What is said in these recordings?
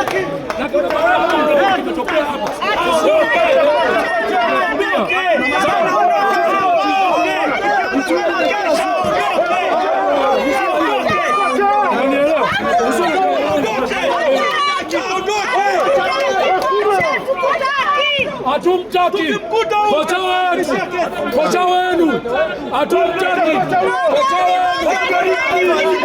aquí. hatumtaki kocha wenu, kocha wenu hatumtaki kocha wenu.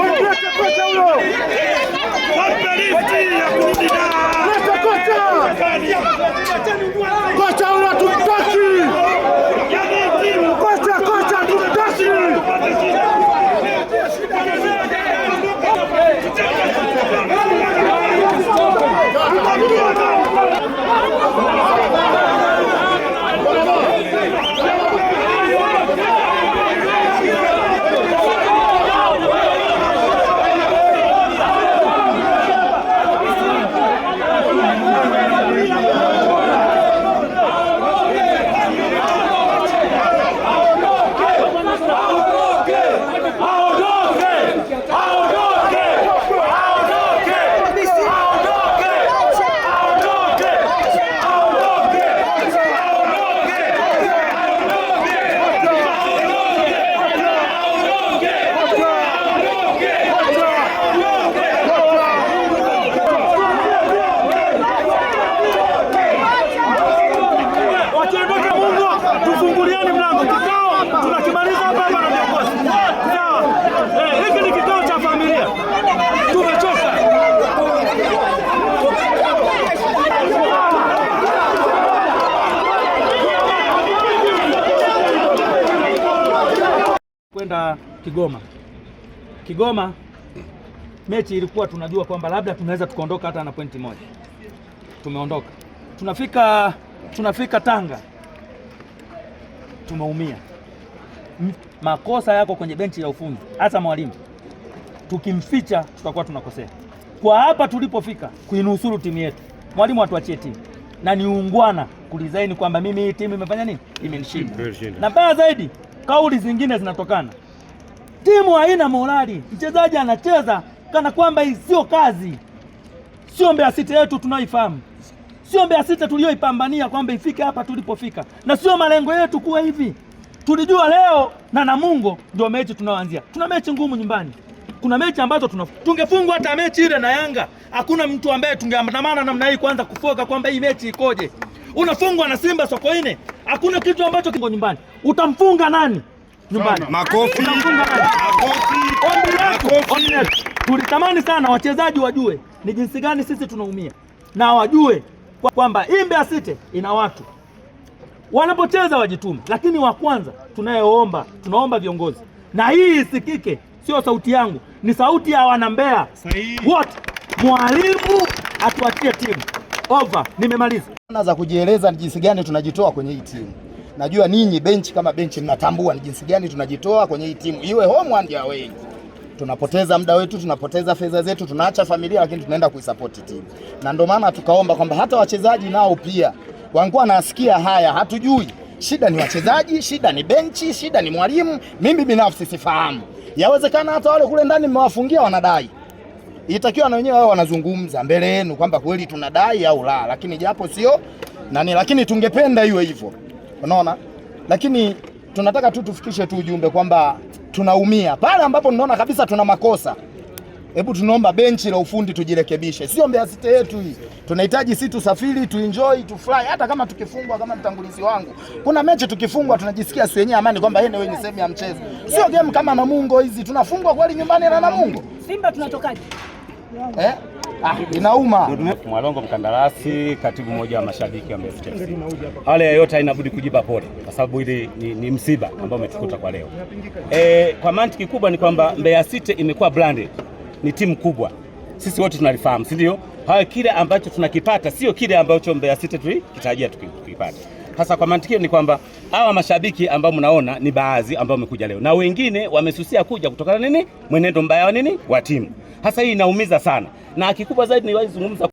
tunakwenda Kigoma. Kigoma mechi ilikuwa tunajua kwamba labda tunaweza tukaondoka hata na pointi moja, tumeondoka. Tunafika, tunafika Tanga tumeumia. Makosa yako kwenye benchi ya ufundi, hasa mwalimu, tukimficha tutakuwa tunakosea. Kwa hapa tulipofika kuinusuru timu yetu, mwalimu atuachie timu na niungwana kulizaini kwamba mimi hii timu imefanya nini, imenishinda. Na baya zaidi, kauli zingine zinatokana Timu haina morali, mchezaji anacheza kana kwamba hii sio kazi. Sio Mbeya City yetu tunaoifahamu, sio Mbeya City tuliyoipambania kwamba ifike hapa tulipofika, na sio malengo yetu kuwa hivi. Tulijua leo na Namungo ndio mechi tunaoanzia. Tuna mechi ngumu nyumbani, kuna mechi ambazo tuna tungefungwa hata mechi ile na Yanga, hakuna mtu ambaye tungeandamana namna hii kwanza kufoka kwamba hii mechi ikoje. Unafungwa na Simba Sokoine, hakuna kitu ambacho kingo nyumbani. Utamfunga nani? nyumbani. Makofi, makofi. Tulitamani sana wachezaji wajue ni jinsi gani sisi tunaumia na wajue kwamba hii Mbeya City ina watu wanapocheza wajitume, lakini wa kwanza tunayeomba, tunaomba viongozi, na hii isikike, sio sauti yangu, ni sauti ya wanambea wote. Mwalimu atuachie timu ova. Nimemaliza za kujieleza ni jinsi gani tunajitoa kwenye hii timu najua ninyi benchi kama benchi mnatambua ni jinsi gani tunajitoa kwenye hii timu, iwe home and away. Tunapoteza muda wetu, tunapoteza fedha zetu, tunaacha familia, lakini tunaenda kuisupport timu, na ndio maana tukaomba kwamba hata wachezaji nao pia wangua nasikia haya, hatujui shida ni wachezaji, shida ni benchi, shida ni mwalimu. Mimi binafsi sifahamu, yawezekana hata wale kule ndani mmewafungia wanadai itakiwa na wenyewe wao wanazungumza mbele yenu kwamba kweli tunadai au la, lakini japo sio nani, lakini tungependa iwe hivyo unaona. Lakini tunataka tu tufikishe tu ujumbe kwamba tunaumia pale ambapo tunaona kabisa tuna makosa. Hebu tunaomba benchi la ufundi tujirekebishe, sio Mbeya City yetu hii. Tunahitaji si tusafiri, tuenjoy, tufurahi, hata kama tukifungwa. Kama mtangulizi wangu, kuna mechi tukifungwa tunajisikia si wenyewe amani, kwamba yeye ni sehemu ya mchezo, sio game kama Namungo hizi. Tunafungwa kweli nyumbani na Namungo, Simba tunatokaje eh? Ah, inauma. Mwalongo mkandarasi, katibu mmoja wa mashabiki wa Mbezi FC. Wale yote inabudi kujiba pole kwa sababu hili ni, ni msiba ambao umetukuta kwa leo. E, kwa mantiki kubwa ni kwamba Mbeya City imekuwa branded. Ni timu kubwa. Sisi wote tunalifahamu, si ndio? Hayo kile ambacho tunakipata sio kile ambacho Mbeya City tulikitarajia tukipata. Sasa kwa mantiki ni kwamba hawa mashabiki ambao mnaona ni baadhi ambao wamekuja leo na wengine wamesusia kuja kutokana nini, mwenendo mbaya wa nini wa timu. Hasa hii inaumiza sana na kikubwa zaidi niliwahi zungumza